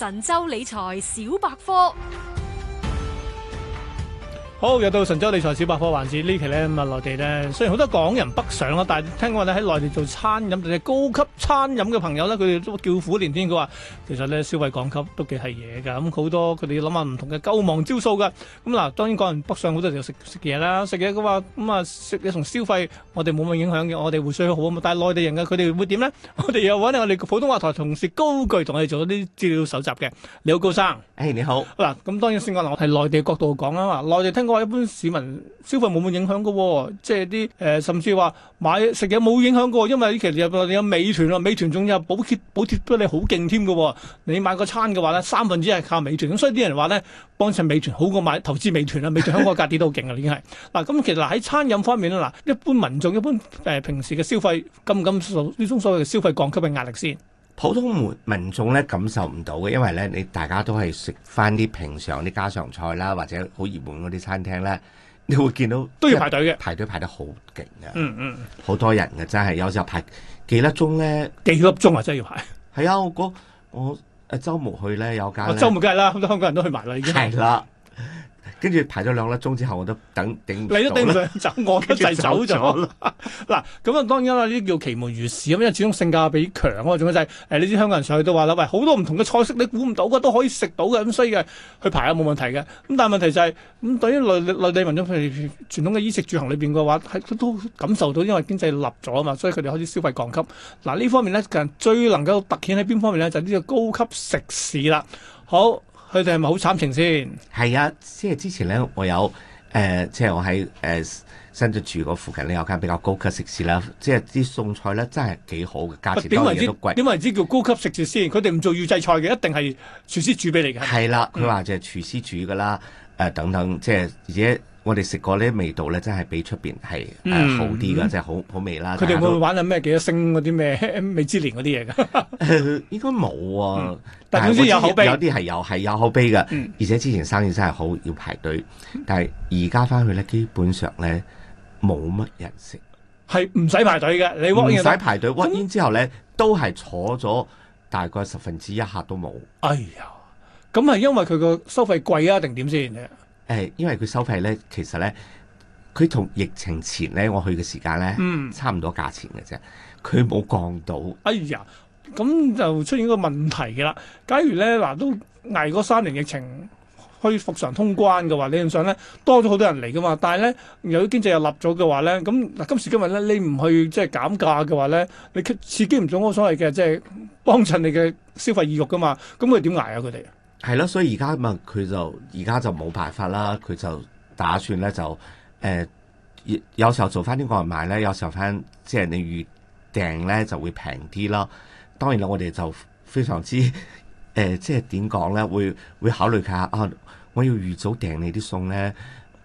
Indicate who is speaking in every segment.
Speaker 1: 神州理財小百科。
Speaker 2: 好，又到神州理財小百科環節，呢期咧咁啊，內地咧雖然好多港人北上啦，但係聽講咧喺內地做餐飲，定係高級餐飲嘅朋友咧，佢哋都叫苦連天。佢話其實咧消費降級都幾係嘢㗎，咁好多佢哋要諗下唔同嘅救亡招數㗎。咁嗱，當然港人北上好多時食食嘢啦，食嘢嘅話咁啊食嘢同消費我哋冇乜影響嘅，我哋回饋好啊嘛。但係內地人嘅佢哋會點咧？我哋又揾我哋普通話台同事高炬同我哋做咗啲資料蒐集嘅，你好高生。誒你好。嗱咁當然先講嗱，我係內地角度講啊嘛，內地聽。一般市民消費冇冇影響噶，即係啲誒，甚至話買食嘢冇影響過，因為其實有你有美團咯，美團仲有補貼補貼得你好勁添噶，你買個餐嘅話咧，三分之一係靠美團，咁所以啲人話咧，幫襯美團好過買投資美團啦，美團香港嘅價跌都好勁啊，已經係嗱，咁其實喺餐飲方面咧，嗱一般民眾一般誒平時嘅消費，敢唔敢受呢種所謂嘅消費降級嘅壓力先？普通民
Speaker 1: 民眾咧，感受唔到嘅，因為咧你大家都係食翻啲平常啲家常菜啦，或者好熱門嗰啲餐廳咧，你會見到都要排隊嘅，排隊排得好勁嘅，嗯嗯，好多人嘅，真係有時候排幾粒鐘咧，幾粒鐘啊，真係要排，係啊，我我誒週末去咧有間，週末
Speaker 2: 梗係啦，好多香港人都去埋啦，已經係啦。
Speaker 1: 的 跟住排咗兩粒鐘之後，我都等頂
Speaker 2: 唔，你都頂唔上走，我一齊走咗啦。嗱， 咁啊 當然啦，呢啲叫奇門如市，咁，因為始終性價比強啊，仲有就係誒呢啲香港人上去都話啦，喂，好多唔同嘅菜式你估唔到嘅都可以食到嘅，咁、嗯、所以嘅去排下冇問題嘅。咁但係問題就係、是、咁、嗯、對於內內地民眾譬如傳統嘅衣食住行裏邊嘅話，係都感受到因為經濟立咗啊嘛，所以佢哋開始消費降級。嗱呢方面呢，其實最能夠凸顯喺邊方面呢？就係呢個高級食肆啦。好。佢哋係咪好慘情先？係啊，即係之前咧，
Speaker 1: 我有誒、呃，即係我喺誒、呃、新都住嗰附近呢，有間比較高級食肆啦。即係啲餸菜咧，真係幾好嘅，價錢都，是都貴。點為之叫高級食肆先？佢哋唔做預製菜嘅，一定係廚師煮俾你嘅。係啦、啊，佢話就係廚師煮噶啦，誒、嗯呃、等等，即係而且。我哋食過咧味道，咧真係比出邊係誒好啲噶即係、嗯、好好味啦。佢哋會
Speaker 2: 玩緊咩？幾多星嗰啲咩？米芝蓮嗰啲嘢噶
Speaker 1: 應該冇、啊嗯。但係總之有口碑，有啲係有係有口碑噶嗯、而且之前生意真係好，要排隊。嗯、但係而家翻去咧，基本上咧冇乜人食。係唔使排
Speaker 2: 隊嘅，你屈煙唔使排
Speaker 1: 隊屈煙之後咧，都係坐咗大概十分之一刻都冇。
Speaker 2: 哎呀，咁係因為佢個收費貴啊，定點先？
Speaker 1: 誒，因為佢收費咧，其實咧，佢同疫情前咧，我去嘅時間咧，嗯、差唔多價錢嘅啫，佢冇降到。
Speaker 2: 哎呀，咁就出現一個問題嘅啦。假如咧嗱，都捱過三年疫情，可以復常通關嘅話，理論上咧多咗好多人嚟噶嘛。但係咧，由於經濟又立咗嘅話咧，咁嗱今時今日咧，你唔去即係減價嘅話咧，你刺激唔到我所謂嘅即係幫襯你嘅消費意欲噶嘛。咁佢點捱啊佢哋？
Speaker 1: 係咯，所以而家咁啊，佢就而家就冇辦法啦。佢就打算咧就，誒，有時候做翻啲外賣咧，有時候翻即係你預訂咧就會平啲咯。當然啦，我哋就非常之，誒，即係點講咧，會會考慮下啊，我要預早訂你啲餸咧，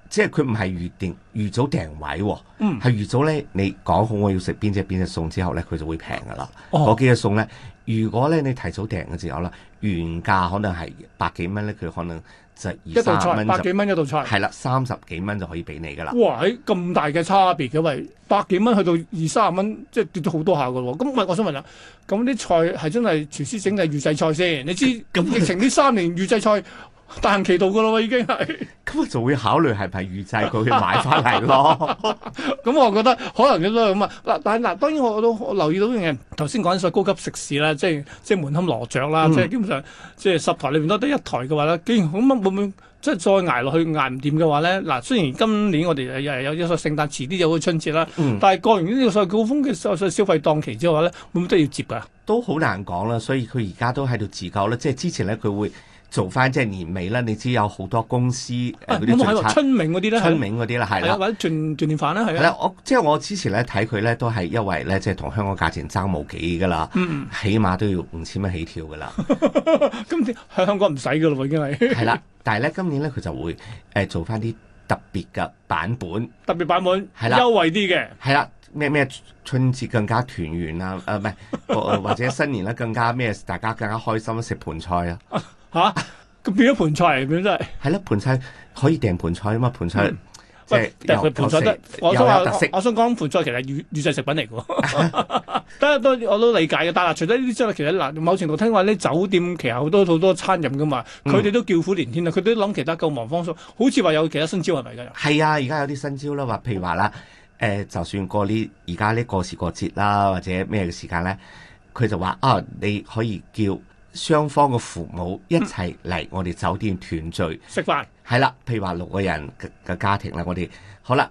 Speaker 1: 即係佢唔係預定預早訂位喎，哦，嗯，係預早咧，你講好我要食邊隻邊隻餸之後咧，佢就會平噶啦，嗰幾隻餸咧。如果咧你提早訂嘅時候，啦，原價可能係百幾蚊咧，佢可能就二三十蚊，百幾蚊一道菜，係啦，
Speaker 2: 三十幾蚊就可以俾你噶啦。哇！喺咁大嘅差別嘅喂，百幾蚊去到二三十蚊，即係跌咗好多下嘅喎。咁唔係我想問啦，咁啲菜係真係廚師整嘅預製菜先？你知疫情呢三年預製菜？這樣 大行其道噶咯，已經係咁，
Speaker 1: 就會考慮係唔係預製佢去買翻嚟咯。
Speaker 2: 咁 我覺得可能嘅咯，咁啊嗱，但嗱，當然我都我留意到一樣嘢，頭先講咗高級食肆啦，即係即係門可羅雀啦，即係基本上即係十台裏面都得一台嘅話咧，竟然咁樣，會唔會即係再挨落去挨唔掂嘅話咧？嗱，雖然今年我哋又有一所聖誕，遲啲有個春節啦，但係過完呢個所謂高峰嘅所謂消費檔期之後咧，會唔會都要接噶？
Speaker 1: 都好難講啦，所以佢而家都喺度自救咧，即係之前咧佢會。做翻即係年尾啦，你知有好多公司誒嗰啲聚餐，春
Speaker 2: 明嗰啲啦，春明嗰啲啦，係啦，的或者聚年飯啦，係啦、啊。
Speaker 1: 我即係我之前咧睇佢咧，都係因為咧即係同香港價錢爭冇幾噶啦，嗯、起碼都要五千蚊起跳噶啦。 咁喺香港唔使噶咯喎，已經係。係啦，但係咧今年咧佢就會誒、呃、做翻啲特別嘅版本，特別版本係的優惠啲嘅，係啦，咩咩春節更加團圓啊，誒唔係或者新年咧更加咩，大家更加開心食盤菜啊。
Speaker 2: 吓，佢變咗盤菜嚟，變真係。
Speaker 1: 係咯，盤菜可以訂盤菜啊嘛，盤菜即係
Speaker 2: 盤菜得。我都話，我想講盤菜其實預預製食品嚟嘅，得 都 我都理解嘅。但係除咗呢啲之外，其實嗱，某程度聽話呢酒店其實好多好多餐飲噶嘛，佢哋、嗯、都叫苦連天啦，佢都諗其他救亡方術，好似話有其他新招係咪噶？
Speaker 1: 係啊，而家有啲新招啦，話譬如話啦，誒、呃，就算過呢而家呢過時過節啦，或者咩嘅時間咧，佢就話啊，你可以叫。雙方嘅父母一齊嚟我哋酒店團聚食飯，係啦，譬如話六個人嘅家庭咧，我哋好啦，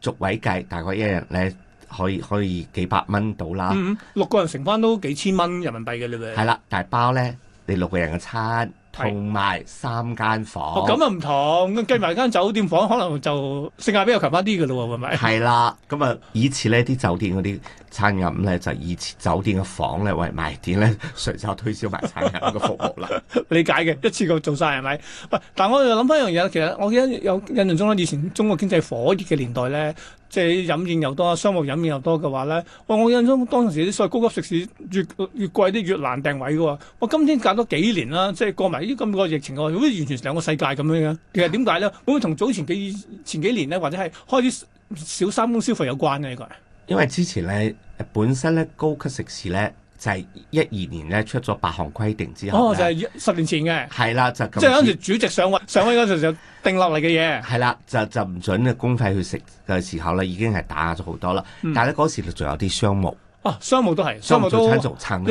Speaker 1: 續位計大概一人咧可以可以幾百蚊到啦，嗯，
Speaker 2: 六個人成翻都幾千蚊人民幣嘅咧，係啦，
Speaker 1: 大包咧你六個人嘅餐。同埋三間房，哦咁
Speaker 2: 啊唔同，計埋、嗯、間酒店房，可能就性價比又強翻啲嘅咯喎，係咪？係
Speaker 1: 啦，咁啊以前呢啲酒店嗰啲餐飲咧就以酒店嘅房咧為賣點咧，隨手推銷埋餐飲嘅服
Speaker 2: 務啦。 理解嘅，一次過做晒係咪？唔係，但係我又諗翻一樣嘢，其實我記得有印象中咧，以前中國經濟火熱嘅年代咧。即係飲宴又多，商務飲宴又多嘅話咧，哇！我印象當時所謂高級食肆越越貴啲越難訂位嘅喎，我今天隔多幾年啦，即係過埋呢咁個疫情，我覺得完全兩個世界咁樣嘅。其實點解咧？會唔會同早前幾前幾年咧，或者係開始少三公消費有關咧？
Speaker 1: 因為之前咧本身咧高級食肆咧。就係一二年咧出咗八項規定之後哦，就係、
Speaker 2: 是、十年前嘅，係啦，就即係嗰時主席上位上位嗰陣時就定落嚟嘅嘢，係啦，
Speaker 1: 就就唔准公費去食嘅時候咧，已經係打壓咗好多啦。嗯、但係咧嗰時仲有啲商務，
Speaker 2: 哦、啊，商務都係商，商務都，因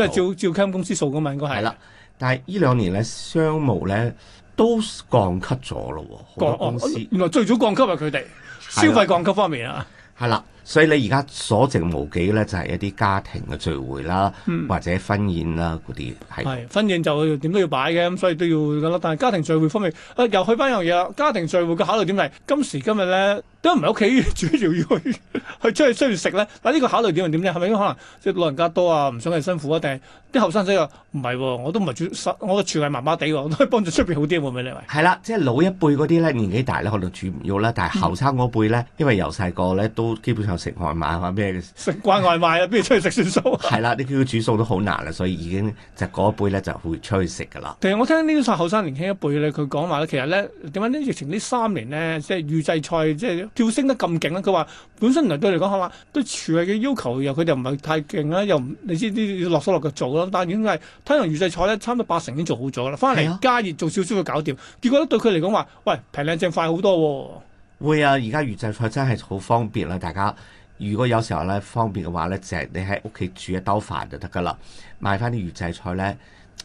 Speaker 2: 為照
Speaker 1: 照 company 數噶嘛，應該係。係啦，但係呢兩年咧商務咧都降級咗咯，好多公司、
Speaker 2: 哦。原來最早降級啊佢哋消費降級方面啊，
Speaker 1: 係啦。所以你而家所剩無幾咧，就係、是、一啲家庭嘅聚會啦，嗯、或者婚宴啦嗰啲係。
Speaker 2: 婚宴就點都要擺嘅，咁所以都要噶啦。但係家庭聚會方面，啊又去翻一樣嘢啦。家庭聚會嘅考慮點係？今時今日咧。都唔係屋企煮，仲要去去出去出去食咧？嗱，呢個考慮點又點咧？係咪因為可能即係老人家多啊，唔想佢辛苦啊？定係啲後生仔又唔係喎？我都唔係煮食，我廚藝麻麻地喎，我都係幫住出邊好啲喎、啊，咪、嗯、你話？
Speaker 1: 係啦、啊，即係老一輩嗰啲咧，年紀大咧，可能煮唔喐啦。但係後生嗰輩咧，因為由細個咧都基本上食外賣或者咩，食慣外賣啊，邊度出去食算數、啊？係啦、 啊，你叫佢煮餸都好難啦、啊，所以已經就嗰一輩咧就會出去食
Speaker 2: 噶啦。其實我聽呢啲後生年輕一輩咧，佢講話咧，其實咧點解呢疫情呢三年咧，即係預製菜即係，跳升得咁勁咧，佢話本身嚟對嚟講係嘛，對廚藝嘅要求又佢哋唔係太勁啦，又唔你知啲落手落腳做啦，但係已經係睇完預製菜咧，差唔多八成已經做好咗啦，翻嚟加熱做少少就搞掂。啊、結果咧對佢嚟講話，喂平靚正快好多喎、
Speaker 1: 哦。會啊，而家預製菜真係好方便啦。大家如果有時候咧方便嘅話咧，就係、是、你喺屋企煮一兜飯就得噶啦，買翻啲預製菜咧，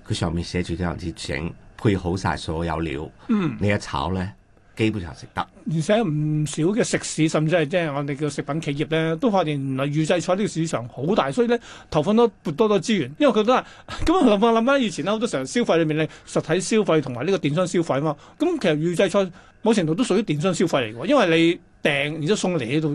Speaker 1: 佢上面寫住點樣子整，配好晒所有料，嗯，你一炒咧。基本上食得，
Speaker 2: 而且唔少嘅食肆，甚至係即係我哋叫食品企業咧，都發現原來預製菜呢個市場好大，所以咧投放多撥多多資源，因為佢都係咁我諗翻諗翻以前咧，好多時候消費裏面咧，實體消費同埋呢個電商消費啊嘛，咁其實預製菜某程度都屬於電商消費嚟嘅，因為你訂，然之後送嚟呢度，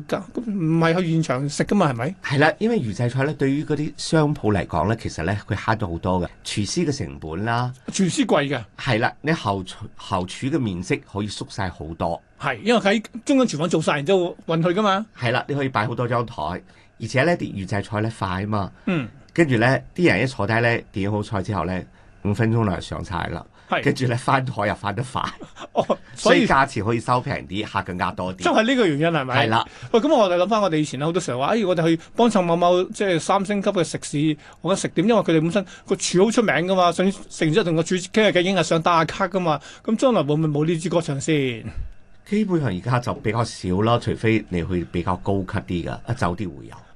Speaker 2: 唔係去現場食噶嘛，係咪？係啦，因為
Speaker 1: 預製菜咧，對於嗰啲商鋪嚟講咧，其實咧佢慳咗好多嘅，廚師嘅成本啦，廚師貴嘅，係啦，你後廚後廚嘅面積可以縮晒好多，係，因為喺中央廚房做晒，然之後運去噶嘛，係啦，你可以擺好多張台，而且咧啲預製菜咧快啊嘛，嗯，跟住咧啲人一坐低咧點好菜之後咧，五分鐘就上晒啦。跟住咧翻台又翻得快、 哦，所以，所以價錢可以收平啲，客更加多啲。即係呢個
Speaker 2: 原因係咪？係啦。喂是的、嗯，咁我哋諗翻我哋以前好多時候話，哎，我哋去幫襯某某即係、就是、三星級嘅食肆，或者食店，因為佢哋本身個廚好出名噶嘛，想食完之後同個廚傾下偈，影下相，打下卡噶嘛。咁將來會唔會冇呢支歌唱先？基本上
Speaker 1: 而家就比較少啦，除非你去比較高級啲嘅，一早啲會有。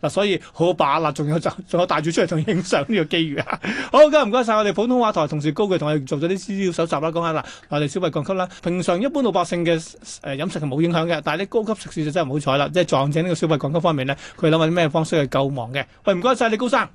Speaker 2: 嗱， 所以好把啦，仲有就仲有帶住出嚟同影相呢個機遇啊！ 好，咁唔該晒我哋普通話台同事高炬同我哋做咗啲資料搜集啦，講下嗱，我哋消費降級啦，平常一般老百姓嘅誒飲食係冇影響嘅，但係啲高級食肆就真係唔好彩啦，即係撞正呢個消費降級方面咧，佢諗下啲咩方式去救亡嘅？喂，唔該晒你高生。